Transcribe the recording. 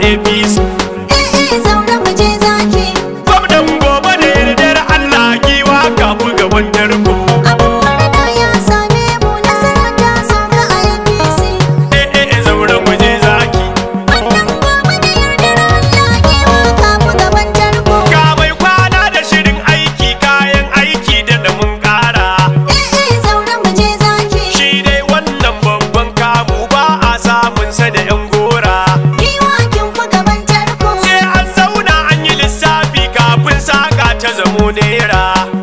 baby munera